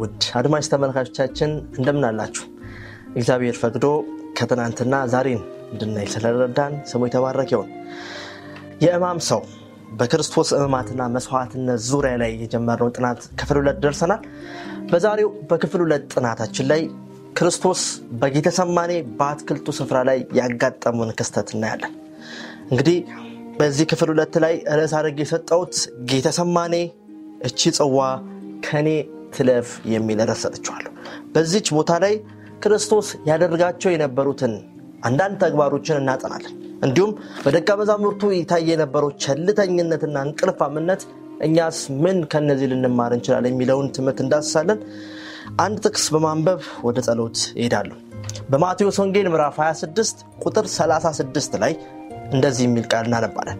ውድ አድማጭ ተመልካቾቻችን እንደምናላችሁ እግዚአብሔር ፈቅዶ ከትናንትና ዛሬን እንድናይ ስለረዳን ስሙ የተባረክ ይሁን። ሰው በክርስቶስ እማትና መስዋዕትነት ዙሪያ ላይ የጀመርነው ጥናት ክፍል ሁለት ደርሰናል። በዛሬው በክፍል ሁለት ጥናታችን ላይ ክርስቶስ በጌተሰማኔ በአትክልቱ ስፍራ ላይ ያጋጠሙን ክስተት እናያለን። እንግዲህ በዚህ ክፍል ሁለት ላይ ርዕስ አድርጌ የሰጠውት ጌተሰማኔ፣ እቺ ጽዋ ከኔ ትለፍ የሚል በዚች ቦታ ላይ ክርስቶስ ያደርጋቸው የነበሩትን አንዳንድ ተግባሮችን እናጠናለን። እንዲሁም በደቀ መዛሙርቱ ይታይ የነበረው ቸልተኝነትና እንቅልፋምነት እኛስ ምን ከነዚህ ልንማር እንችላለን የሚለውን ትምህርት እንዳስሳለን። አንድ ጥቅስ በማንበብ ወደ ጸሎት ይሄዳሉ። በማቴዎስ ወንጌል ምዕራፍ 26 ቁጥር 36 ላይ እንደዚህ የሚል ቃል እናነባለን።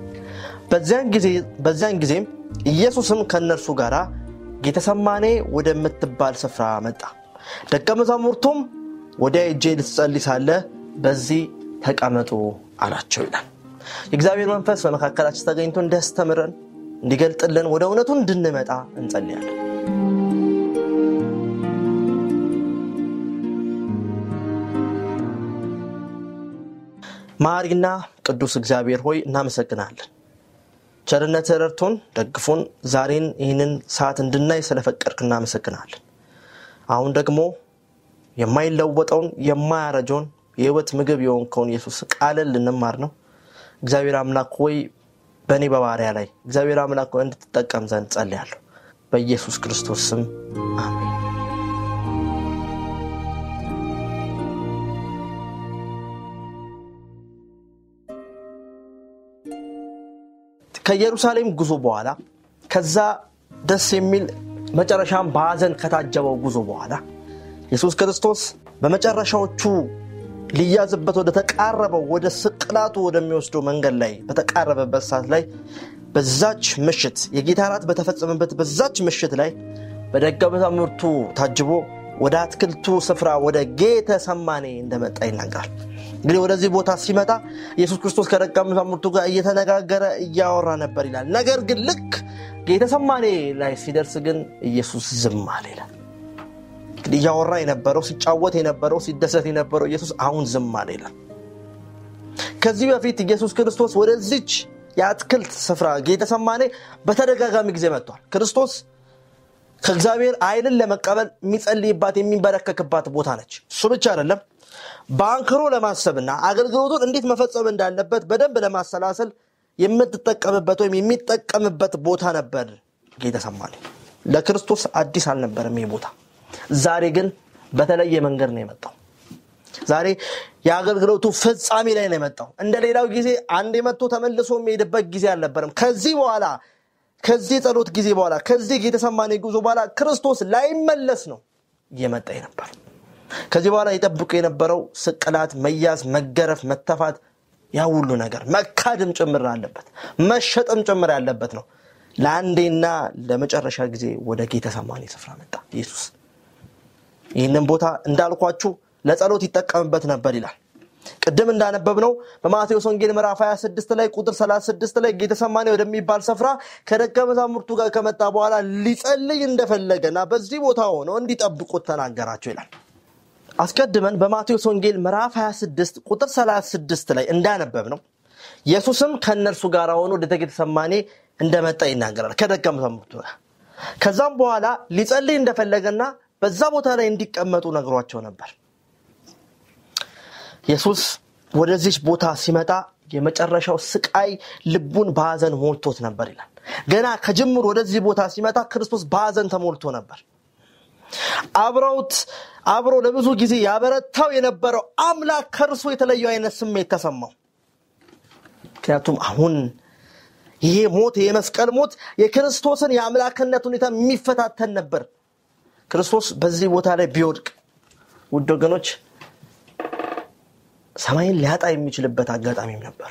በዚያን ጊዜም ኢየሱስም ከእነርሱ ጋር ጌተሰማኔ ወደምትባል ስፍራ መጣ። ደቀ መዛሙርቱም ወደ እጄ ልትጸል ሳለ በዚህ ተቀመጡ አላቸው ይላል። የእግዚአብሔር መንፈስ በመካከላችን ተገኝቶ እንዲያስተምረን እንዲገልጥልን ወደ እውነቱ እንድንመጣ እንጸልያለን። ማሪና ቅዱስ እግዚአብሔር ሆይ እናመሰግናለን። ቸርነት ረድቶን ደግፎን ዛሬን ይህንን ሰዓት እንድናይ ስለፈቀድክ እናመሰግናለን። አሁን ደግሞ የማይለወጠውን የማያረጀውን የህይወት ምግብ የሆንከውን ኢየሱስ ቃልን ልንማር ነው። እግዚአብሔር አምላክ ወይ በእኔ በባሪያ ላይ እግዚአብሔር አምላክ እንድትጠቀም ዘንድ ጸልያለሁ። በኢየሱስ ክርስቶስ ስም አሜን። ከኢየሩሳሌም ጉዞ በኋላ ከዛ ደስ የሚል መጨረሻም በአዘን ከታጀበው ጉዞ በኋላ ኢየሱስ ክርስቶስ በመጨረሻዎቹ ሊያዝበት ወደ ተቃረበው ወደ ስቅላቱ ወደሚወስደው መንገድ ላይ በተቃረበበት ሰዓት ላይ በዛች ምሽት የጌታ ራት በተፈጸመበት በዛች ምሽት ላይ በደቀ መዛሙርቱ ታጅቦ ወደ አትክልቱ ስፍራ ወደ ጌተ ሰማኔ እንደመጣ ይናገራል። እንግዲህ ወደዚህ ቦታ ሲመጣ ኢየሱስ ክርስቶስ ከደቀ መዛሙርቱ ጋር እየተነጋገረ እያወራ ነበር ይላል። ነገር ግን ልክ የተሰማኔ ላይ ሲደርስ ግን ኢየሱስ ዝም አለ ይላል። እያወራ የነበረው ሲጫወት የነበረው ሲደሰት የነበረው ኢየሱስ አሁን ዝም አለ ይላል። ከዚህ በፊት ኢየሱስ ክርስቶስ ወደዚች የአትክልት ስፍራ ጌተሰማኔ በተደጋጋሚ ጊዜ መጥቷል። ክርስቶስ ከእግዚአብሔር ኃይልን ለመቀበል የሚጸልይባት የሚንበረከክባት ቦታ ነች። እሱ ብቻ አይደለም በአንክሮ ለማሰብና አገልግሎቱን እንዴት መፈጸም እንዳለበት በደንብ ለማሰላሰል የምትጠቀምበት ወይም የሚጠቀምበት ቦታ ነበር። ጌታ ለክርስቶስ አዲስ አልነበረም ይህ ቦታ። ዛሬ ግን በተለየ መንገድ ነው የመጣው። ዛሬ የአገልግሎቱ ፍጻሜ ላይ ነው የመጣው። እንደ ሌላው ጊዜ አንድ መቶ ተመልሶ የሚሄድበት ጊዜ አልነበርም ከዚህ በኋላ ከዚህ የጸሎት ጊዜ በኋላ ከዚህ ጌተሰማኔ ጉዞ በኋላ ክርስቶስ ላይመለስ ነው እየመጣ ነበር። ከዚህ በኋላ ይጠብቁ የነበረው ስቅላት፣ መያዝ፣ መገረፍ፣ መተፋት ያ ሁሉ ነገር መካድም ጭምር አለበት፣ መሸጥም ጭምር ያለበት ነው። ለአንዴና ለመጨረሻ ጊዜ ወደ ጌተሰማኒ ስፍራ መጣ ኢየሱስ። ይህንን ቦታ እንዳልኳችሁ ለጸሎት ይጠቀምበት ነበር ይላል። ቅድም እንዳነበብነው በማቴዎስ ወንጌል ምዕራፍ 26 ላይ ቁጥር 36 ላይ ጌተሰማኒ ወደሚባል ስፍራ ከደቀ መዛሙርቱ ጋር ከመጣ በኋላ ሊጸልይ እንደፈለገና በዚህ ቦታ ሆኖ እንዲጠብቁት ተናገራቸው ይላል። አስቀድመን በማቴዎስ ወንጌል ምዕራፍ 26 ቁጥር 36 ላይ እንዳነበብ ነው ኢየሱስም ከእነርሱ ጋር ሆኖ ወደ ጌተሰማኔ እንደመጣ ይናገራል ከደቀ መዛሙርቱ ከዛም በኋላ ሊጸልይ እንደፈለገና በዛ ቦታ ላይ እንዲቀመጡ ነግሯቸው ነበር ኢየሱስ ወደዚች ቦታ ሲመጣ የመጨረሻው ስቃይ ልቡን በአዘን ሞልቶት ነበር ይላል ገና ከጅምር ወደዚህ ቦታ ሲመጣ ክርስቶስ በአዘን ተሞልቶ ነበር አብረውት አብሮ ለብዙ ጊዜ ያበረታው የነበረው አምላክ ከእርሱ የተለየ አይነት ስሜት ተሰማው። ምክንያቱም አሁን ይሄ ሞት ይሄ መስቀል ሞት የክርስቶስን የአምላክነት ሁኔታ የሚፈታተን ነበር። ክርስቶስ በዚህ ቦታ ላይ ቢወድቅ ውድ ወገኖች ሰማይን ሊያጣ የሚችልበት አጋጣሚም ነበር።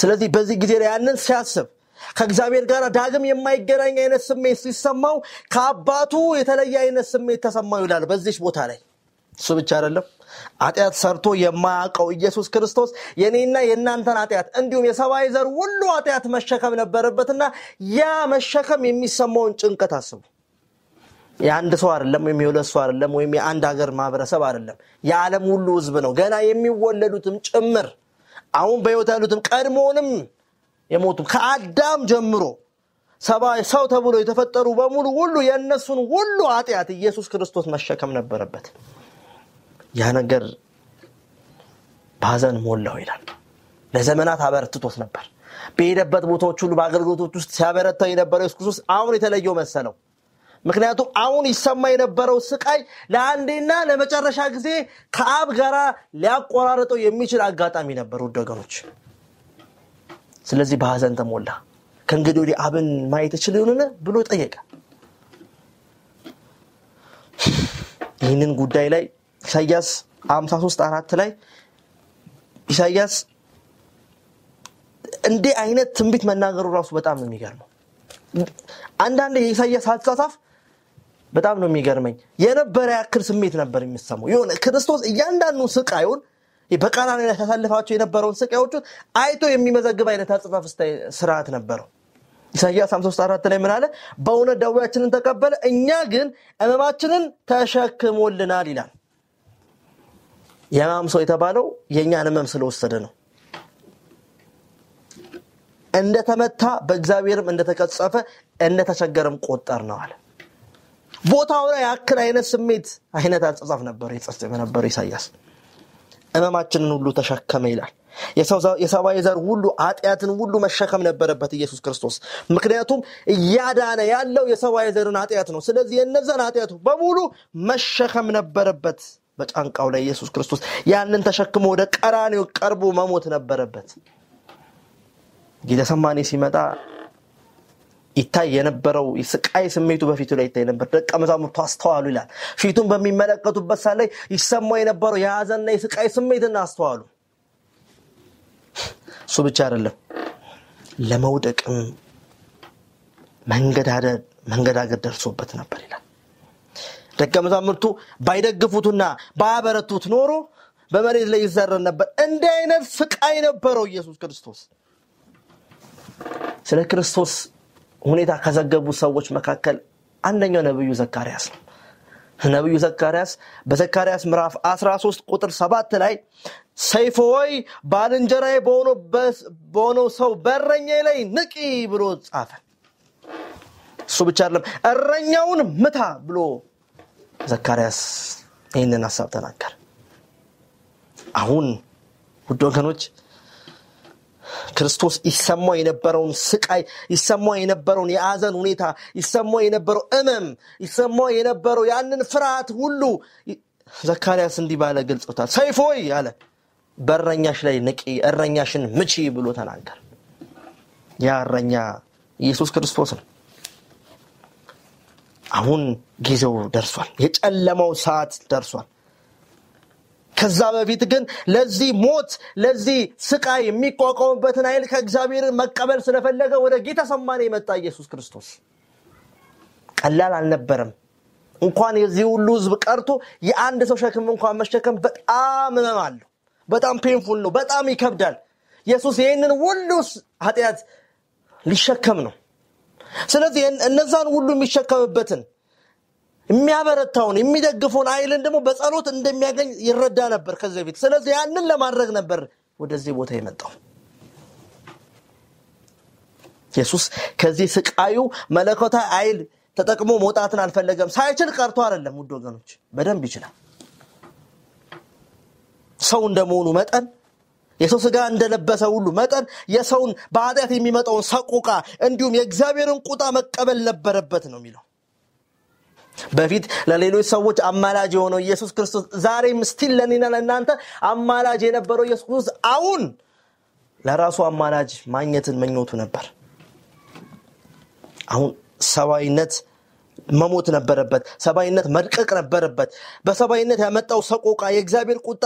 ስለዚህ በዚህ ጊዜ ላይ ያንን ሲያስብ ከእግዚአብሔር ጋር ዳግም የማይገናኝ አይነት ስሜት ሲሰማው ከአባቱ የተለየ አይነት ስሜት ተሰማው ይላል በዚች ቦታ ላይ እሱ ብቻ አይደለም አጢአት ሰርቶ የማያውቀው ኢየሱስ ክርስቶስ የኔና የእናንተን አጢአት እንዲሁም የሰብአዊ ዘር ሁሉ አጢአት መሸከም ነበረበትና ያ መሸከም የሚሰማውን ጭንቀት አስቡ የአንድ ሰው አይደለም ወይም የሁለት ሰው አይደለም ወይም የአንድ ሀገር ማህበረሰብ አይደለም የዓለም ሁሉ ህዝብ ነው ገና የሚወለዱትም ጭምር አሁን በህይወት ያሉትም ቀድሞንም የሞቱ ከአዳም ጀምሮ ሰው ተብሎ የተፈጠሩ በሙሉ ሁሉ የእነሱን ሁሉ አጢአት ኢየሱስ ክርስቶስ መሸከም ነበረበት። ያ ነገር ባዘን ሞላው ይላል። ለዘመናት አበረትቶት ነበር። በሄደበት ቦታዎች ሁሉ በአገልግሎቶች ውስጥ ሲያበረታው የነበረው ኢየሱስ ክርስቶስ አሁን የተለየው መሰለው። ምክንያቱም አሁን ይሰማ የነበረው ስቃይ ለአንዴና ለመጨረሻ ጊዜ ከአብ ጋር ሊያቆራርጠው የሚችል አጋጣሚ ነበር። ውደገኖች። ስለዚህ በሐዘን ተሞላ ከእንግዲህ ወዲህ አብን ማየት እችል ይሆንን ብሎ ጠየቀ ይህንን ጉዳይ ላይ ኢሳያስ 53 አራት ላይ ኢሳያስ እንዲህ አይነት ትንቢት መናገሩ ራሱ በጣም ነው የሚገርመው አንዳንድ የኢሳያስ አጻጻፍ በጣም ነው የሚገርመኝ የነበረ ያክል ስሜት ነበር የሚሰማው የሆነ ክርስቶስ እያንዳንዱ ስቃዩን በቃና ላይ ሲያሳልፋቸው የነበረውን ስቃዮቹን አይቶ የሚመዘግብ አይነት አጽፋፍ ስርዓት ነበረው ኢሳያስ 534 ላይ ምናለ በእውነት ደዌያችንን ተቀበለ እኛ ግን እመማችንን ተሸክሞልናል ይላል የማም ሰው የተባለው የእኛን ህመም ስለወሰደ ነው እንደተመታ በእግዚአብሔርም እንደተቀጸፈ እንደተቸገረም ቆጠር ነው አለ ቦታው ላይ አክል አይነት ስሜት አይነት አጸጻፍ ነበር ነበር ኢሳያስ ህመማችንን ሁሉ ተሸከመ ይላል። የሰብአዊ ዘር ሁሉ ኃጢአትን ሁሉ መሸከም ነበረበት ኢየሱስ ክርስቶስ። ምክንያቱም እያዳነ ያለው የሰብአዊ ዘርን ኃጢአት ነው። ስለዚህ የነዛን ኃጢአቱ በሙሉ መሸከም ነበረበት በጫንቃው ላይ ኢየሱስ ክርስቶስ። ያንን ተሸክሞ ወደ ቀራኔው ቀርቦ መሞት ነበረበት። ጌተሰማኔ ሲመጣ ይታይ የነበረው ስቃይ ስሜቱ በፊቱ ላይ ይታይ ነበር። ደቀ መዛሙርቱ አስተዋሉ ይላል። ፊቱን በሚመለከቱበት ሳ ላይ ይሰማው የነበረው የሀዘንና የስቃይ ስሜትና አስተዋሉ። እሱ ብቻ አይደለም፣ ለመውደቅም አገር ደርሶበት ነበር ይላል። ደቀ መዛሙርቱ ባይደግፉትና ባያበረቱት ኖሮ በመሬት ላይ ይዘረን ነበር። እንዲህ አይነት ስቃይ ነበረው ኢየሱስ ክርስቶስ። ስለ ክርስቶስ ሁኔታ ከዘገቡ ሰዎች መካከል አንደኛው ነብዩ ዘካርያስ ነው ነብዩ ዘካርያስ በዘካርያስ ምዕራፍ 13 ቁጥር 7 ላይ ሰይፎ ወይ ባልንጀራዬ በሆነው ሰው በረኛ ላይ ንቂ ብሎ ጻፈ እሱ ብቻ አይደለም እረኛውን ምታ ብሎ ዘካርያስ ይህንን ሀሳብ ተናገር አሁን ውድ ወገኖች ክርስቶስ ይሰማው የነበረውን ስቃይ ይሰማው የነበረውን የአዘን ሁኔታ ይሰማው የነበረው እመም ይሰማው የነበረው ያንን ፍርሃት ሁሉ ዘካርያስ እንዲህ ባለ ገልጾታል ሰይፎይ አለ በእረኛሽ ላይ ንቂ እረኛሽን ምቺ ብሎ ተናገር ያ እረኛ ኢየሱስ ክርስቶስ ነው አሁን ጊዜው ደርሷል የጨለመው ሰዓት ደርሷል ከዛ በፊት ግን ለዚህ ሞት ለዚህ ስቃይ የሚቋቋምበትን ኃይል ከእግዚአብሔር መቀበል ስለፈለገ ወደ ጌታ ሰማኔ የመጣ ኢየሱስ ክርስቶስ ቀላል አልነበረም። እንኳን የዚህ ሁሉ ህዝብ ቀርቶ የአንድ ሰው ሸክም እንኳን መሸከም በጣም ህመም አለው። በጣም ፔንፉል ነው። በጣም ይከብዳል። ኢየሱስ ይህንን ሁሉ ኃጢአት ሊሸከም ነው። ስለዚህ እነዛን ሁሉ የሚሸከምበትን የሚያበረታውን የሚደግፈውን ኃይልን ደግሞ በጸሎት እንደሚያገኝ ይረዳ ነበር ከዚ በፊት ስለዚህ ያንን ለማድረግ ነበር ወደዚህ ቦታ የመጣው ኢየሱስ ከዚህ ስቃዩ መለኮታ አይል ተጠቅሞ መውጣትን አልፈለገም ሳይችል ቀርቶ አይደለም ውድ ወገኖች በደንብ ይችላል ሰው እንደመሆኑ መጠን የሰው ስጋ እንደለበሰ ሁሉ መጠን የሰውን በአጢአት የሚመጣውን ሰቁቃ እንዲሁም የእግዚአብሔርን ቁጣ መቀበል ነበረበት ነው የሚለው በፊት ለሌሎች ሰዎች አማላጅ የሆነው ኢየሱስ ክርስቶስ ዛሬም ስቲል ለኔና ለእናንተ አማላጅ የነበረው ኢየሱስ ክርስቶስ አሁን ለራሱ አማላጅ ማግኘትን መኞቱ ነበር አሁን ሰብአዊነት መሞት ነበረበት ሰብአዊነት መድቀቅ ነበረበት በሰብአዊነት ያመጣው ሰቆቃ የእግዚአብሔር ቁጣ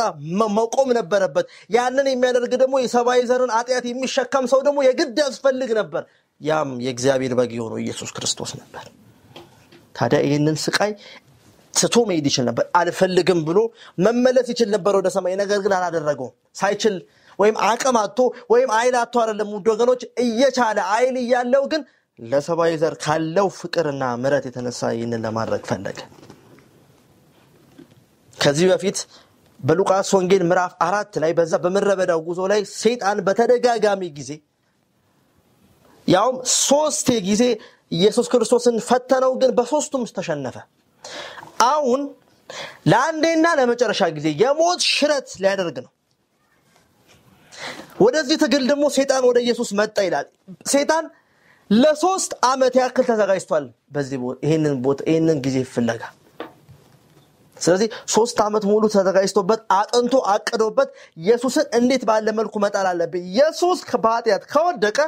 መቆም ነበረበት ያንን የሚያደርግ ደግሞ የሰብአዊ ዘርን አጢአት የሚሸከም ሰው ደግሞ የግድ ያስፈልግ ነበር ያም የእግዚአብሔር በግ የሆነው ኢየሱስ ክርስቶስ ነበር ታዲያ ይህንን ስቃይ ስቶ መሄድ ይችል ነበር አልፈልግም ብሎ መመለስ ይችል ነበር ወደ ሰማይ ነገር ግን አላደረገውም ሳይችል ወይም አቅም አቶ ወይም አይል አቶ አይደለም ውድ ወገኖች እየቻለ አይል እያለው ግን ለሰብአዊ ዘር ካለው ፍቅርና ምረት የተነሳ ይህንን ለማድረግ ፈለገ ከዚህ በፊት በሉቃስ ወንጌል ምዕራፍ አራት ላይ በዛ በምረበዳው ጉዞ ላይ ሰይጣን በተደጋጋሚ ጊዜ ያውም ሶስቴ ጊዜ ኢየሱስ ክርስቶስን ፈተነው፣ ግን በሶስቱም ተሸነፈ። አሁን ለአንዴና ለመጨረሻ ጊዜ የሞት ሽረት ሊያደርግ ነው። ወደዚህ ትግል ደግሞ ሴጣን ወደ ኢየሱስ መጣ ይላል። ሴጣን ለሶስት ዓመት ያክል ተዘጋጅቷል። በዚህ ይህንን ጊዜ ፍለጋ ስለዚህ ሶስት ዓመት ሙሉ ተዘጋጅቶበት አጥንቶ አቅዶበት ኢየሱስን እንዴት ባለ መልኩ መጣል አለብኝ። ኢየሱስ በኃጢአት ከወደቀ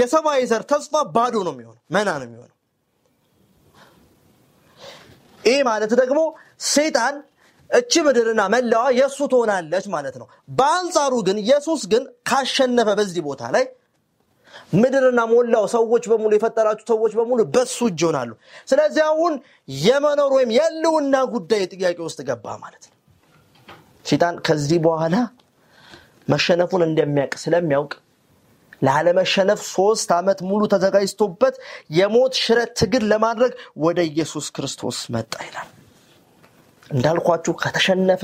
የሰማይ ዘር ተስፋ ባዶ ነው የሚሆነው፣ መና ነው የሚሆነው። ይህ ማለት ደግሞ ሴጣን እቺ ምድርና መለዋ የእሱ ትሆናለች ማለት ነው። በአንጻሩ ግን ኢየሱስ ግን ካሸነፈ በዚህ ቦታ ላይ ምድርና ሞላው ሰዎች በሙሉ የፈጠራችሁ ሰዎች በሙሉ በሱ እጅ ይሆናሉ። ስለዚህ አሁን የመኖር ወይም የህልውና ጉዳይ ጥያቄ ውስጥ ገባ ማለት ነው። ሴጣን ከዚህ በኋላ መሸነፉን እንደሚያውቅ ስለሚያውቅ ላለመሸነፍ ሶስት ዓመት ሙሉ ተዘጋጅቶበት የሞት ሽረት ትግል ለማድረግ ወደ ኢየሱስ ክርስቶስ መጣ ይላል። እንዳልኳችሁ ከተሸነፈ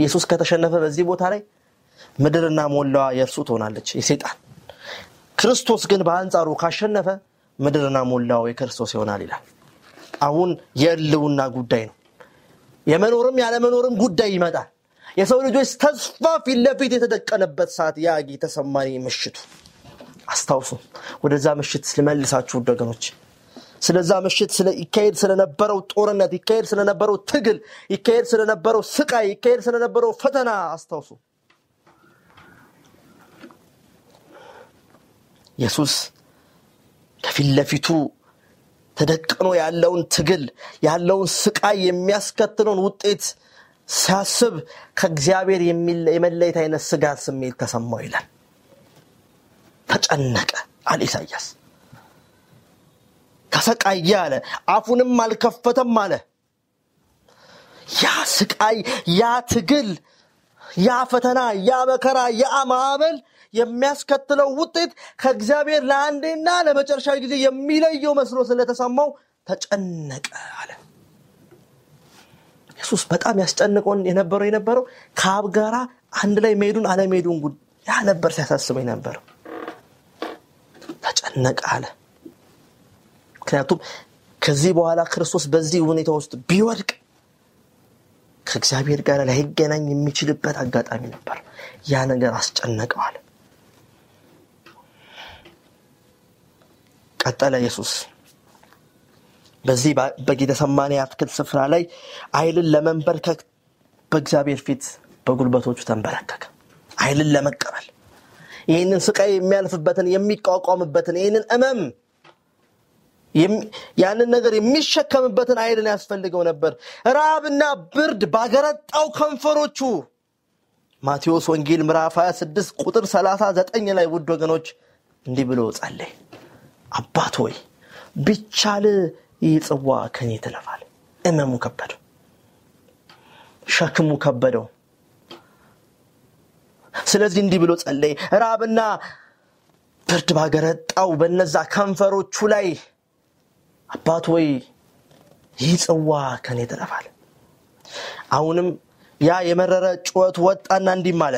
ኢየሱስ ከተሸነፈ በዚህ ቦታ ላይ ምድርና ሞላዋ የእርሱ ትሆናለች የሴጣን ክርስቶስ ግን በአንጻሩ ካሸነፈ ምድርና ሞላው የክርስቶስ ይሆናል ይላል። አሁን የእልውና ጉዳይ ነው። የመኖርም ያለመኖርም ጉዳይ ይመጣል። የሰው ልጆች ተስፋ ፊት ለፊት የተደቀነበት ሰዓት ያ ጌተሰማኒ ምሽቱ አስታውሱ። ወደዛ ምሽት ልመልሳችሁ ደገኖች ስለዛ ምሽት ይካሄድ ስለነበረው ጦርነት፣ ይካሄድ ስለነበረው ትግል፣ ይካሄድ ስለነበረው ስቃይ፣ ይካሄድ ስለነበረው ፈተና አስታውሱ። ኢየሱስ ከፊት ለፊቱ ተደቅኖ ያለውን ትግል ያለውን ስቃይ የሚያስከትለውን ውጤት ሲያስብ ከእግዚአብሔር የመለየት አይነት ስጋት ስሜት ተሰማው ይላል ተጨነቀ አል ኢሳያስ ተሰቃየ አለ አፉንም አልከፈተም አለ ያ ስቃይ ያ ትግል ያ ፈተና ያ መከራ ያ ማዕበል የሚያስከትለው ውጤት ከእግዚአብሔር ለአንዴና ለመጨረሻ ጊዜ የሚለየው መስሎ ስለተሰማው ተጨነቀ አለ ኢየሱስ በጣም ያስጨንቀውን የነበረው የነበረው ከአብ ጋራ አንድ ላይ መሄዱን አለመሄዱን ጉድ ያ ነበር ሲያሳስበው የነበረው ተጨነቀ አለ ምክንያቱም ከዚህ በኋላ ክርስቶስ በዚህ ሁኔታ ውስጥ ቢወድቅ ከእግዚአብሔር ጋር ላይገናኝ የሚችልበት አጋጣሚ ነበር ያ ነገር አስጨነቀዋል ቀጠለ ኢየሱስ በዚህ በጌተሰማኔ አትክልት ስፍራ ላይ አይልን ለመንበርከክ በእግዚአብሔር ፊት በጉልበቶቹ ተንበረከከ አይልን ለመቀበል ይህንን ስቃይ የሚያልፍበትን የሚቋቋምበትን ይህንን እመም ያንን ነገር የሚሸከምበትን አይልን ያስፈልገው ነበር ራብና ብርድ ባገረጣው ከንፈሮቹ ማቴዎስ ወንጌል ምራፍ 26 ቁጥር 39 ላይ ውድ ወገኖች እንዲህ ብሎ ጸለይ አባት ሆይ ቢቻል ይህ ጽዋ ከኔ ትለፋል እመሙ ከበደው ሸክሙ ከበደው ስለዚህ እንዲህ ብሎ ጸለይ ራብና ብርድ ባገረጣው በነዛ ከንፈሮቹ ላይ አባት ወይ ይህ ጽዋ ከኔ ትለፋል አሁንም ያ የመረረ ጩኸት ወጣና እንዲህ አለ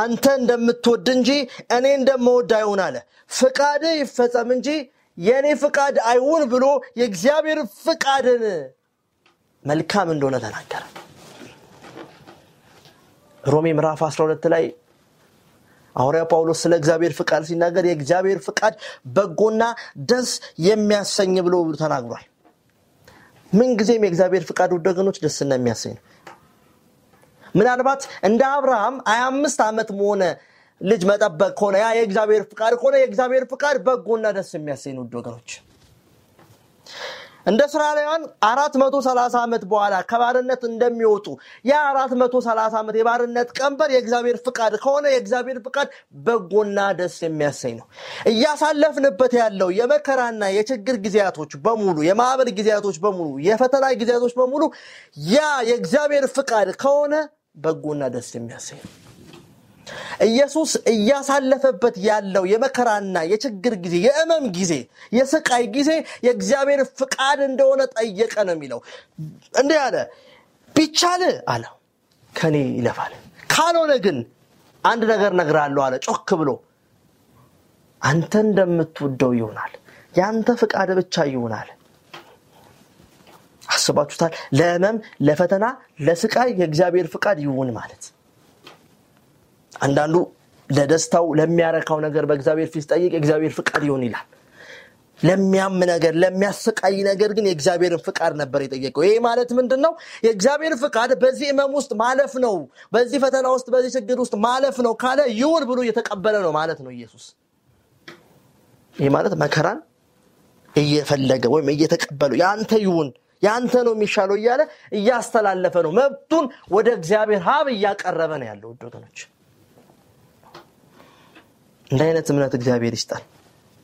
አንተ እንደምትወድ እንጂ እኔ እንደምወድ አይሁን አለ። ፍቃድህ ይፈጸም እንጂ የእኔ ፍቃድ አይሁን ብሎ የእግዚአብሔር ፍቃድን መልካም እንደሆነ ተናገረ። ሮሜ ምዕራፍ 12 ላይ ሐዋርያው ጳውሎስ ስለ እግዚአብሔር ፍቃድ ሲናገር የእግዚአብሔር ፍቃድ በጎና ደስ የሚያሰኝ ብሎ ተናግሯል። ምንጊዜም የእግዚአብሔር ፍቃድ ወደ ደስና የሚያሰኝ ነው። ምናልባት እንደ አብርሃም ሀያ አምስት ዓመት መሆነ ልጅ መጠበቅ ከሆነ ያ የእግዚአብሔር ፍቃድ ከሆነ የእግዚአብሔር ፍቃድ በጎና ደስ የሚያሰኝ ውድ ወገኖች እንደ እስራኤላውያን አራት መቶ ሰላሳ ዓመት በኋላ ከባርነት እንደሚወጡ ያ አራት መቶ ሰላሳ ዓመት የባርነት ቀንበር የእግዚአብሔር ፍቃድ ከሆነ የእግዚአብሔር ፍቃድ በጎና ደስ የሚያሰኝ ነው። እያሳለፍንበት ያለው የመከራና የችግር ጊዜያቶች በሙሉ የማዕበል ጊዜያቶች በሙሉ የፈተና ጊዜያቶች በሙሉ ያ የእግዚአብሔር ፍቃድ ከሆነ በጎና ደስ የሚያሰኝ ኢየሱስ እያሳለፈበት ያለው የመከራና የችግር ጊዜ የእመም ጊዜ የስቃይ ጊዜ የእግዚአብሔር ፍቃድ እንደሆነ ጠየቀ ነው የሚለው እንዲህ አለ ቢቻል አለ ከኔ ይለፋል ካልሆነ ግን አንድ ነገር ነግራለሁ አለ ጮክ ብሎ አንተ እንደምትወደው ይሆናል የአንተ ፍቃድ ብቻ ይሆናል አስባችሁታል? ለህመም፣ ለፈተና፣ ለስቃይ የእግዚአብሔር ፍቃድ ይሁን ማለት አንዳንዱ ለደስታው ለሚያረካው ነገር በእግዚአብሔር ፊት ሲጠይቅ የእግዚአብሔር ፍቃድ ይሆን ይላል። ለሚያም ነገር ለሚያሰቃይ ነገር ግን የእግዚአብሔርን ፍቃድ ነበር የጠየቀው። ይህ ማለት ምንድን ነው? የእግዚአብሔር ፍቃድ በዚህ እመም ውስጥ ማለፍ ነው፣ በዚህ ፈተና ውስጥ፣ በዚህ ችግር ውስጥ ማለፍ ነው ካለ ይሁን ብሎ እየተቀበለ ነው ማለት ነው ኢየሱስ። ይህ ማለት መከራን እየፈለገ ወይም እየተቀበለው የአንተ ይሁን ያንተ ነው የሚሻለው እያለ እያስተላለፈ ነው። መብቱን ወደ እግዚአብሔር ሀብ እያቀረበ ነው ያለው። ውድ ወገኖች እንደ አይነት እምነት እግዚአብሔር ይስጣል።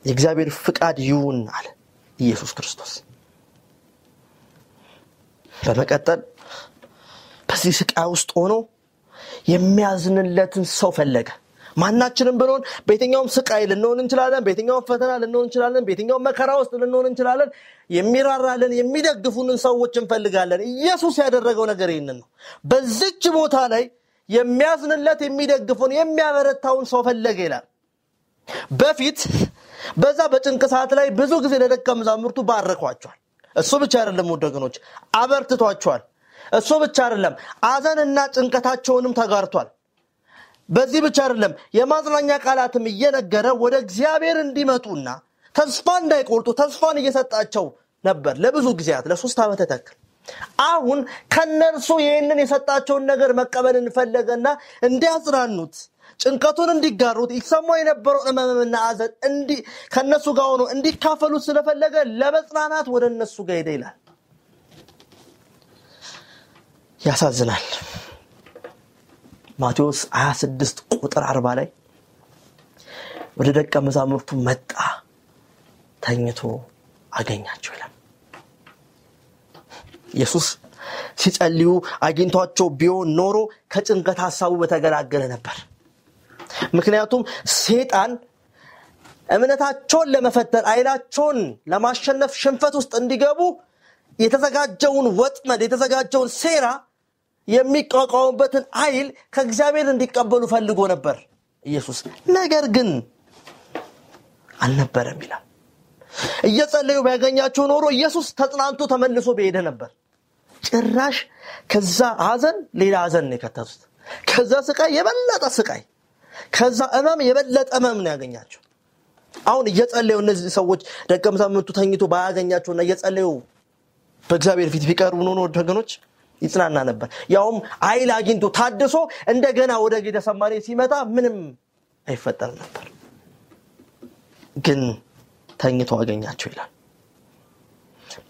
የእግዚአብሔር ፍቃድ ይሁን አለ ኢየሱስ ክርስቶስ። በመቀጠል በዚህ ስቃይ ውስጥ ሆኖ የሚያዝንለትን ሰው ፈለገ። ማናችንም ብንሆን በየትኛውም ስቃይ ልንሆን እንችላለን። በየትኛውም ፈተና ልንሆን እንችላለን። በየትኛውም መከራ ውስጥ ልንሆን እንችላለን። የሚራራልን የሚደግፉንን ሰዎች እንፈልጋለን። ኢየሱስ ያደረገው ነገር ይህንን ነው። በዚች ቦታ ላይ የሚያዝንለት የሚደግፉን፣ የሚያበረታውን ሰው ፈለገ ይላል። በፊት በዛ በጭንቅ ሰዓት ላይ ብዙ ጊዜ ለደቀ መዛሙርቱ ባረኳቸዋል። እሱ ብቻ አይደለም ወደገኖች አበርትቷቸዋል። እሱ ብቻ አይደለም አዘንና ጭንቀታቸውንም ተጋርቷል። በዚህ ብቻ አይደለም፣ የማጽናኛ ቃላትም እየነገረ ወደ እግዚአብሔር እንዲመጡና ተስፋ እንዳይቆርጡ ተስፋን እየሰጣቸው ነበር ለብዙ ጊዜያት ለሶስት ዓመት ተክል። አሁን ከነርሱ ይህንን የሰጣቸውን ነገር መቀበል እንፈለገና እንዲያጽናኑት ጭንቀቱን እንዲጋሩት ይሰማ የነበረው እመምና አዘን ከነሱ ጋር ሆኖ እንዲካፈሉት ስለፈለገ ለመጽናናት ወደ እነሱ ጋር ሄደ ይላል። ያሳዝናል። ማቴዎስ 26 ቁጥር 40 ላይ ወደ ደቀ መዛሙርቱ መጣ ተኝቶ አገኛቸው ይላል ኢየሱስ ሲጸልዩ አግኝቷቸው ቢሆን ኖሮ ከጭንቀት ሀሳቡ በተገላገለ ነበር ምክንያቱም ሴጣን እምነታቸውን ለመፈተን አይላቸውን ለማሸነፍ ሽንፈት ውስጥ እንዲገቡ የተዘጋጀውን ወጥመድ የተዘጋጀውን ሴራ የሚቋቋሙበትን ኃይል ከእግዚአብሔር እንዲቀበሉ ፈልጎ ነበር ኢየሱስ። ነገር ግን አልነበረም ይላል። እየጸለዩ ቢያገኛቸው ኖሮ ኢየሱስ ተጽናንቶ ተመልሶ በሄደ ነበር። ጭራሽ ከዛ ሀዘን ሌላ ሀዘን ነው የከተቱት። ከዛ ስቃይ የበለጠ ስቃይ፣ ከዛ እመም የበለጠ እመም ነው ያገኛቸው። አሁን እየጸለዩ እነዚህ ሰዎች ደቀ መዛሙርቱ ተኝቶ ባያገኛቸውና እየጸለዩ በእግዚአብሔር ፊት ቢቀርቡ ኖሮ ወገኖች ይጽናና ነበር ያውም አይል አግኝቶ ታድሶ እንደገና ወደ ጌደ ሰማኔ ሲመጣ ምንም አይፈጠር ነበር ግን ተኝቶ አገኛቸው ይላል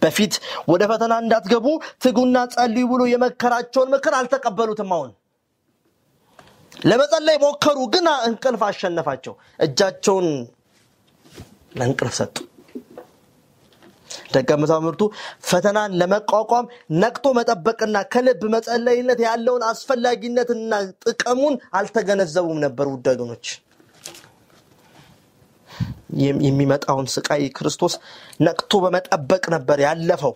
በፊት ወደ ፈተና እንዳትገቡ ትጉና ጸልዩ ብሎ የመከራቸውን ምክር አልተቀበሉትም አሁን ለመጸለይ ሞከሩ ግን እንቅልፍ አሸነፋቸው እጃቸውን ለእንቅልፍ ሰጡ ደቀ መዛሙርቱ ፈተናን ለመቋቋም ነቅቶ መጠበቅና ከልብ መጸለይነት ያለውን አስፈላጊነትና ጥቅሙን አልተገነዘቡም ነበር። ውድ የሚመጣውን ስቃይ ክርስቶስ ነቅቶ በመጠበቅ ነበር ያለፈው።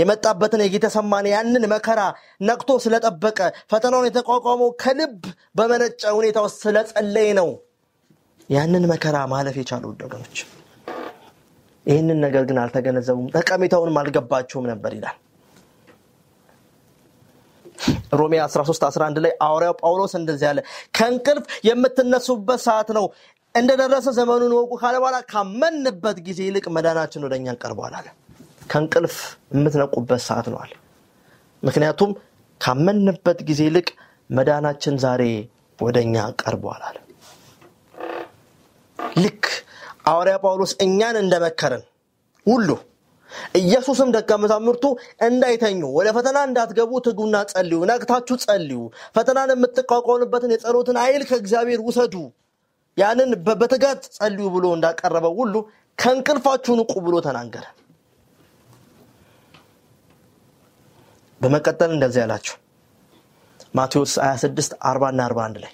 የመጣበትን የጌተሰማን ያንን መከራ ነቅቶ ስለጠበቀ ፈተናውን የተቋቋመው ከልብ በመነጨ ሁኔታ ውስጥ ስለጸለይ ነው። ያንን መከራ ማለፍ የቻሉ ወገኖች ይህንን ነገር ግን አልተገነዘቡም ጠቀሜታውንም አልገባቸውም ነበር ይላል ሮሜ 13 11 ላይ አውሪያው ጳውሎስ እንደዚህ አለ ከእንቅልፍ የምትነሱበት ሰዓት ነው እንደደረሰ ዘመኑን ወቁ ካለ በኋላ ካመንበት ጊዜ ይልቅ መዳናችን ወደ እኛ ቀርቧል አለ ከእንቅልፍ የምትነቁበት ሰዓት አለ ምክንያቱም ካመንበት ጊዜ ይልቅ መዳናችን ዛሬ ወደ እኛ ቀርቧል አለ ልክ ሐዋርያ ጳውሎስ እኛን እንደመከረን ሁሉ ኢየሱስም ደቀ መዛሙርቱ እንዳይተኙ ወደ ፈተና እንዳትገቡ ትጉና ጸልዩ፣ ነቅታችሁ ጸልዩ፣ ፈተናን የምትቋቋሙበትን የጸሎትን አይል ከእግዚአብሔር ውሰዱ፣ ያንን በትጋት ጸልዩ ብሎ እንዳቀረበው ሁሉ ከእንቅልፋችሁ ንቁ ብሎ ተናገረ። በመቀጠል እንደዚህ ያላችሁ ማቴዎስ 26 40 41 ላይ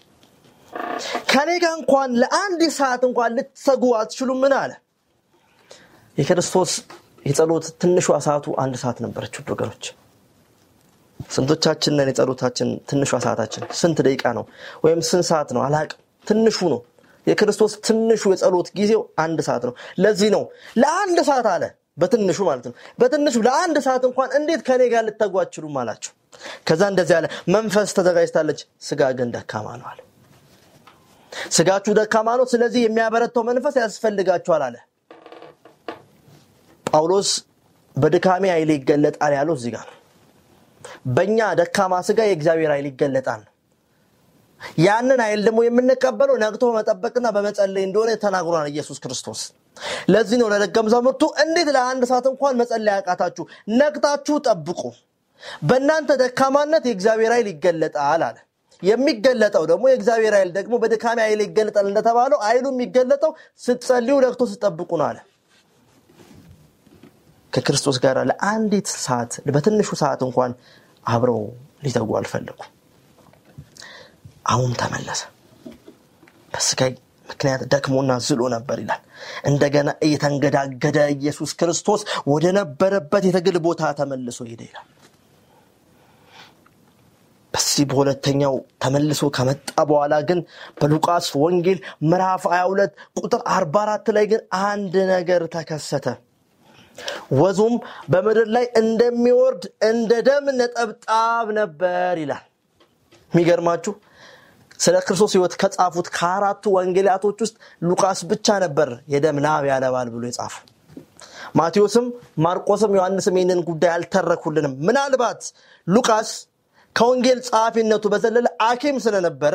ከኔ ጋር እንኳን ለአንድ ሰዓት እንኳን ልትሰጉ አትችሉምን አለ የክርስቶስ የጸሎት ትንሿ ሰዓቱ አንድ ሰዓት ነበረች ውድ ወገኖች ስንቶቻችንን የጸሎታችን ትንሿ ሰዓታችን ስንት ደቂቃ ነው ወይም ስንት ሰዓት ነው አላቅም ትንሹ ነው የክርስቶስ ትንሹ የጸሎት ጊዜው አንድ ሰዓት ነው ለዚህ ነው ለአንድ ሰዓት አለ በትንሹ ማለት ነው በትንሹ ለአንድ ሰዓት እንኳን እንዴት ከኔ ጋር ልተጓችሉም አላቸው ከዛ እንደዚህ አለ መንፈስ ተዘጋጅታለች ስጋ ግን ደካማ ነው አለ ስጋችሁ ደካማ ነው፣ ስለዚህ የሚያበረተው መንፈስ ያስፈልጋችኋል አለ። ጳውሎስ በድካሜ ኃይል ይገለጣል ያለው እዚህ ጋር በእኛ ደካማ ስጋ የእግዚአብሔር ኃይል ይገለጣል። ያንን ኃይል ደግሞ የምንቀበለው ነቅቶ በመጠበቅና በመጸለይ እንደሆነ ተናግሯል ኢየሱስ ክርስቶስ። ለዚህ ነው ለደቀ መዛሙርቱ እንዴት ለአንድ ሰዓት እንኳን መጸለይ ያቃታችሁ? ነቅታችሁ ጠብቁ፣ በእናንተ ደካማነት የእግዚአብሔር ኃይል ይገለጣል አለ። የሚገለጠው ደግሞ የእግዚአብሔር ኃይል ደግሞ በድካሚ ኃይል ይገለጣል እንደተባለው ኃይሉ የሚገለጠው ስትጸልዩ ረግቶ ስጠብቁ ነው አለ ከክርስቶስ ጋር ለአንዲት ሰዓት በትንሹ ሰዓት እንኳን አብረው ሊተጉ አልፈለጉ አሁን ተመለሰ በስጋይ ምክንያት ደክሞና ዝሎ ነበር ይላል እንደገና እየተንገዳገደ ኢየሱስ ክርስቶስ ወደ ነበረበት የትግል ቦታ ተመልሶ ሄደ ይላል እዚህ በሁለተኛው ተመልሶ ከመጣ በኋላ ግን በሉቃስ ወንጌል ምዕራፍ 22 ቁጥር 44 ላይ ግን አንድ ነገር ተከሰተ። ወዙም በምድር ላይ እንደሚወርድ እንደ ደም ነጠብጣብ ነበር ይላል። የሚገርማችሁ ስለ ክርስቶስ ህይወት ከጻፉት ከአራቱ ወንጌላቶች ውስጥ ሉቃስ ብቻ ነበር የደም ላብ ያለባል ብሎ የጻፉ። ማቴዎስም፣ ማርቆስም፣ ዮሐንስም ይህንን ጉዳይ አልተረኩልንም። ምናልባት ሉቃስ ከወንጌል ጸሐፊነቱ በዘለለ አኪም ስለነበረ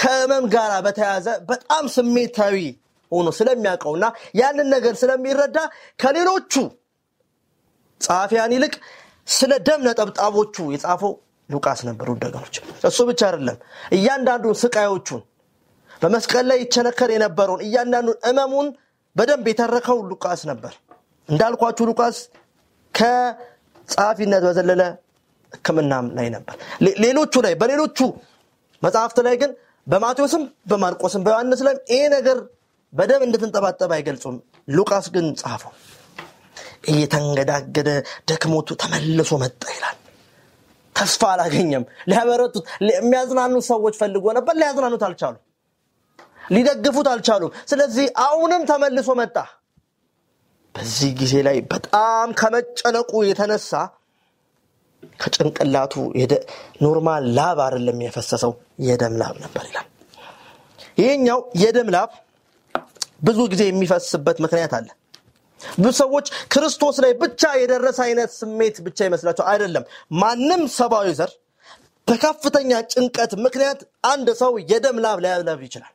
ከህመም ጋር በተያዘ በጣም ስሜታዊ ሆኖ ስለሚያውቀውና ያንን ነገር ስለሚረዳ ከሌሎቹ ጸሐፊያን ይልቅ ስለ ደም ነጠብጣቦቹ የጻፈው ሉቃስ ነበር። ውደገኖች እሱ ብቻ አይደለም፣ እያንዳንዱን ስቃዮቹን በመስቀል ላይ ይቸነከር የነበረውን እያንዳንዱን እመሙን በደንብ የተረከው ሉቃስ ነበር። እንዳልኳችሁ ሉቃስ ከጸሐፊነት በዘለለ ህክምናም ላይ ነበር ሌሎቹ ላይ በሌሎቹ መጽሐፍት ላይ ግን በማቴዎስም በማርቆስም በዮሐንስ ላይም ይሄ ነገር በደም እንደተንጠባጠበ አይገልጹም ሉቃስ ግን ጻፈው እየተንገዳገደ ደክሞቱ ተመልሶ መጣ ይላል ተስፋ አላገኘም ሊያበረቱት የሚያዝናኑት ሰዎች ፈልጎ ነበር ሊያዝናኑት አልቻሉ ሊደግፉት አልቻሉም ስለዚህ አሁንም ተመልሶ መጣ በዚህ ጊዜ ላይ በጣም ከመጨነቁ የተነሳ ከጭንቅላቱ ኖርማል ላብ አይደለም የፈሰሰው የደም ላብ ነበር ይላል። ይህኛው የደም ላብ ብዙ ጊዜ የሚፈስበት ምክንያት አለ። ብዙ ሰዎች ክርስቶስ ላይ ብቻ የደረሰ አይነት ስሜት ብቻ ይመስላቸው አይደለም። ማንም ሰብአዊ ዘር በከፍተኛ ጭንቀት ምክንያት አንድ ሰው የደም ላብ ሊያለብ ይችላል።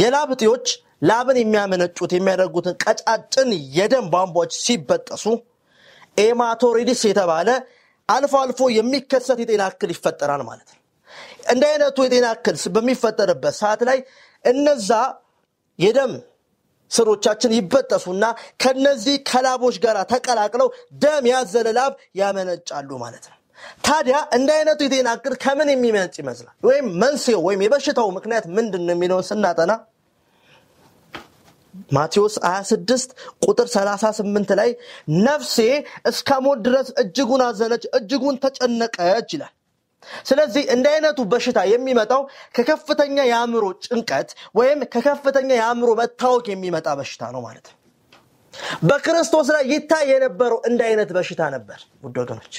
የላብ ጥዎች ላብን የሚያመነጩት የሚያደርጉትን ቀጫጭን የደም ቧንቧዎች ሲበጠሱ ኤማቶሪዲስ የተባለ አልፎ አልፎ የሚከሰት የጤና እክል ይፈጠራል ማለት ነው። እንደ አይነቱ የጤና እክል በሚፈጠርበት ሰዓት ላይ እነዛ የደም ስሮቻችን ይበጠሱና ከነዚህ ከላቦች ጋር ተቀላቅለው ደም ያዘለ ላብ ያመነጫሉ ማለት ነው። ታዲያ እንደ አይነቱ የጤና እክል ከምን የሚመነጭ ይመስላል? ወይም መንስኤው ወይም የበሽታው ምክንያት ምንድን ነው የሚለውን ስናጠና ማቴዎስ 26 ቁጥር 38 ላይ ነፍሴ እስከ ሞት ድረስ እጅጉን አዘነች፣ እጅጉን ተጨነቀች ይላል። ስለዚህ እንደ አይነቱ በሽታ የሚመጣው ከከፍተኛ የአእምሮ ጭንቀት ወይም ከከፍተኛ የአእምሮ መታወክ የሚመጣ በሽታ ነው ማለት ነው። በክርስቶስ ላይ ይታይ የነበረው እንደ አይነት በሽታ ነበር። ውድ ወገኖች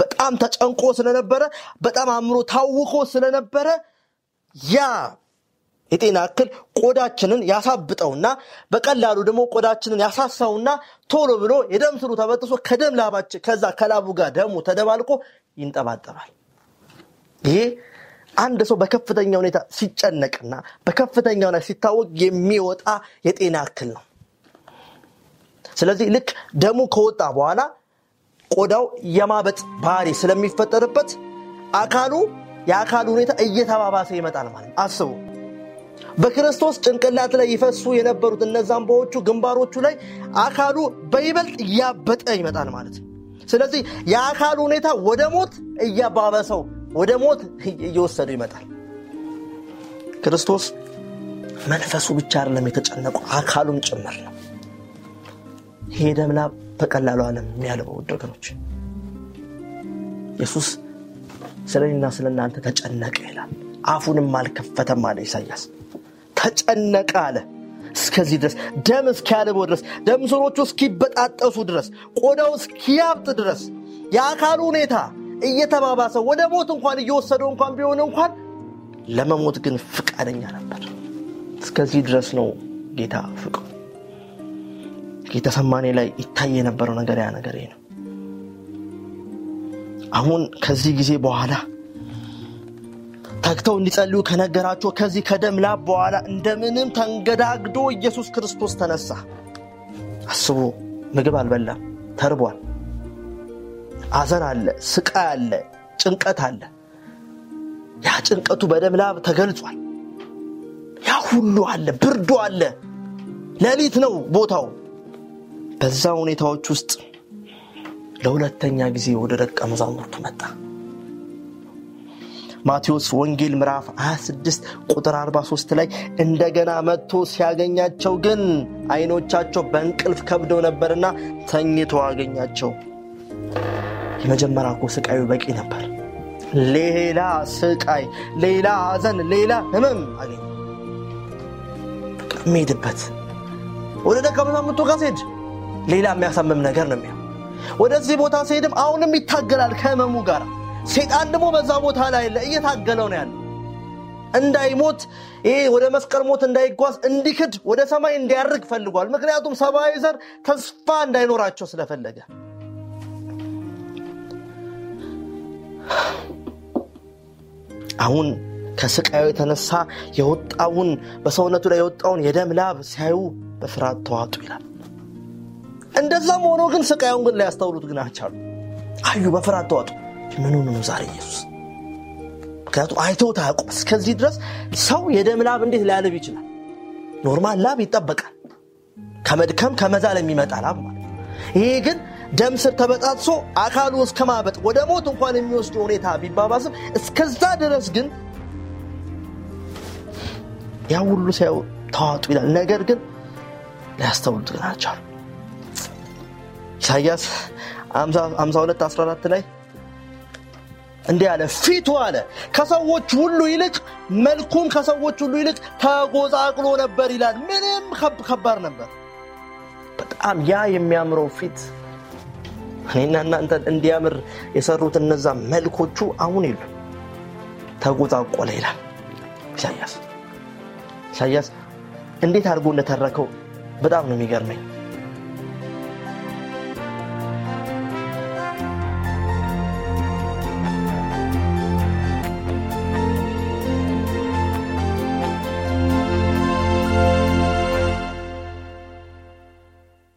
በጣም ተጨንቆ ስለነበረ፣ በጣም አእምሮ ታውኮ ስለነበረ ያ የጤና እክል ቆዳችንን ያሳብጠውና በቀላሉ ደግሞ ቆዳችንን ያሳሳውና ቶሎ ብሎ የደም ስሩ ተበጥሶ ከደም ላባችን ከዛ ከላቡ ጋር ደሙ ተደባልቆ ይንጠባጠባል። ይሄ አንድ ሰው በከፍተኛ ሁኔታ ሲጨነቅና በከፍተኛ ሁኔታ ሲታወቅ የሚወጣ የጤና እክል ነው። ስለዚህ ልክ ደሙ ከወጣ በኋላ ቆዳው የማበጥ ባህሪ ስለሚፈጠርበት አካሉ የአካሉ ሁኔታ እየተባባሰ ይመጣል ማለት አስቡ። በክርስቶስ ጭንቅላት ላይ ይፈሱ የነበሩት እነዛ እንባዎቹ ግንባሮቹ ላይ አካሉ በይበልጥ እያበጠ ይመጣል ማለት ስለዚህ የአካሉ ሁኔታ ወደ ሞት እያባበሰው ወደ ሞት እየወሰዱ ይመጣል ክርስቶስ መንፈሱ ብቻ አይደለም የተጨነቁ አካሉም ጭምር ነው ይሄ ደም በቀላሉ አለም የሚያልበው ወገኖች ኢየሱስ ስለኔና ስለእናንተ ተጨነቀ ይላል አፉንም አልከፈተም አለ ኢሳያስ ተጨነቀ አለ። እስከዚህ ድረስ ደም እስኪያልበው ድረስ ደም ስሮቹ እስኪበጣጠሱ ድረስ ቆዳው እስኪያብጥ ድረስ የአካሉ ሁኔታ እየተባባሰ ወደ ሞት እንኳን እየወሰደው እንኳን ቢሆን እንኳን ለመሞት ግን ፍቃደኛ ነበር። እስከዚህ ድረስ ነው ጌታ ፍቅሩ። ጌተሰማኔ ላይ ይታይ የነበረው ነገር ያ ነገር ነው። አሁን ከዚህ ጊዜ በኋላ ተግተው እንዲጸልዩ ከነገራቸው ከዚህ ከደም ላብ በኋላ እንደምንም ተንገዳግዶ ኢየሱስ ክርስቶስ ተነሳ። አስቡ፣ ምግብ አልበላም፣ ተርቧል። አዘን አለ፣ ስቃይ አለ፣ ጭንቀት አለ። ያ ጭንቀቱ በደም ላብ ተገልጿል። ያ ሁሉ አለ፣ ብርዱ አለ፣ ሌሊት ነው ቦታው። በዛ ሁኔታዎች ውስጥ ለሁለተኛ ጊዜ ወደ ደቀ መዛሙርቱ መጣ። ማቴዎስ ወንጌል ምዕራፍ 26 ቁጥር 43 ላይ እንደገና መጥቶ ሲያገኛቸው ግን አይኖቻቸው በእንቅልፍ ከብደው ነበርና ተኝተው አገኛቸው። የመጀመሪያ ኮ ስቃዩ በቂ ነበር። ሌላ ስቃይ፣ ሌላ አዘን ሌላ ህመም አገኘ። የሚሄድበት ወደ ደቀ ጋር ሌላ የሚያሳምም ነገር ነው ወደዚህ ቦታ ሲሄድም አሁንም ይታገላል ከህመሙ ጋር ሴጣን ደግሞ በዛ ቦታ ላይ እየታገለው ነው ያለ እንዳይሞት ይሄ ወደ መስቀል ሞት እንዳይጓዝ እንዲክድ ወደ ሰማይ እንዲያርግ ፈልጓል። ምክንያቱም ሰማያዊ ዘር ተስፋ እንዳይኖራቸው ስለፈለገ አሁን ከስቃዩ የተነሳ የወጣውን በሰውነቱ ላይ የወጣውን የደም ላብ ሲያዩ በፍርሃት ተዋጡ ይላል። እንደዛም ሆኖ ግን ስቃዩን ግን ላያስተውሉት ግን አቻሉ አዩ፣ በፍርሃት ተዋጡ። ምን ሆኖ ነው ዛሬ ኢየሱስ? ምክንያቱም አይቶ አያውቁም። እስከዚህ ድረስ ሰው የደም ላብ እንዴት ሊያልብ ይችላል? ኖርማል ላብ ይጠበቃል። ከመድከም ከመዛል የሚመጣ ላብ ማለት ይሄ ግን ደም ስር ተበጣጥሶ አካሉ እስከ ማበጥ ወደ ሞት እንኳን የሚወስድ ሁኔታ ቢባባስም እስከዛ ድረስ ግን ያ ሁሉ ሲያዩ ተዋጡ ይላል። ነገር ግን ሊያስተውሉት ግን አልቻሉ። ኢሳያስ 52 14 ላይ እንዲህ አለ፣ ፊቱ አለ ከሰዎች ሁሉ ይልቅ መልኩም ከሰዎች ሁሉ ይልቅ ተጎዛቅሎ ነበር ይላል። ምንም ከባድ ነበር። በጣም ያ የሚያምረው ፊት እኔና እናንተ እንዲያምር የሰሩት እነዛ መልኮቹ አሁን የሉ፣ ተጎዛቆለ ይላል ኢሳያስ። ኢሳያስ እንዴት አድርጎ እንደተረከው በጣም ነው የሚገርመኝ።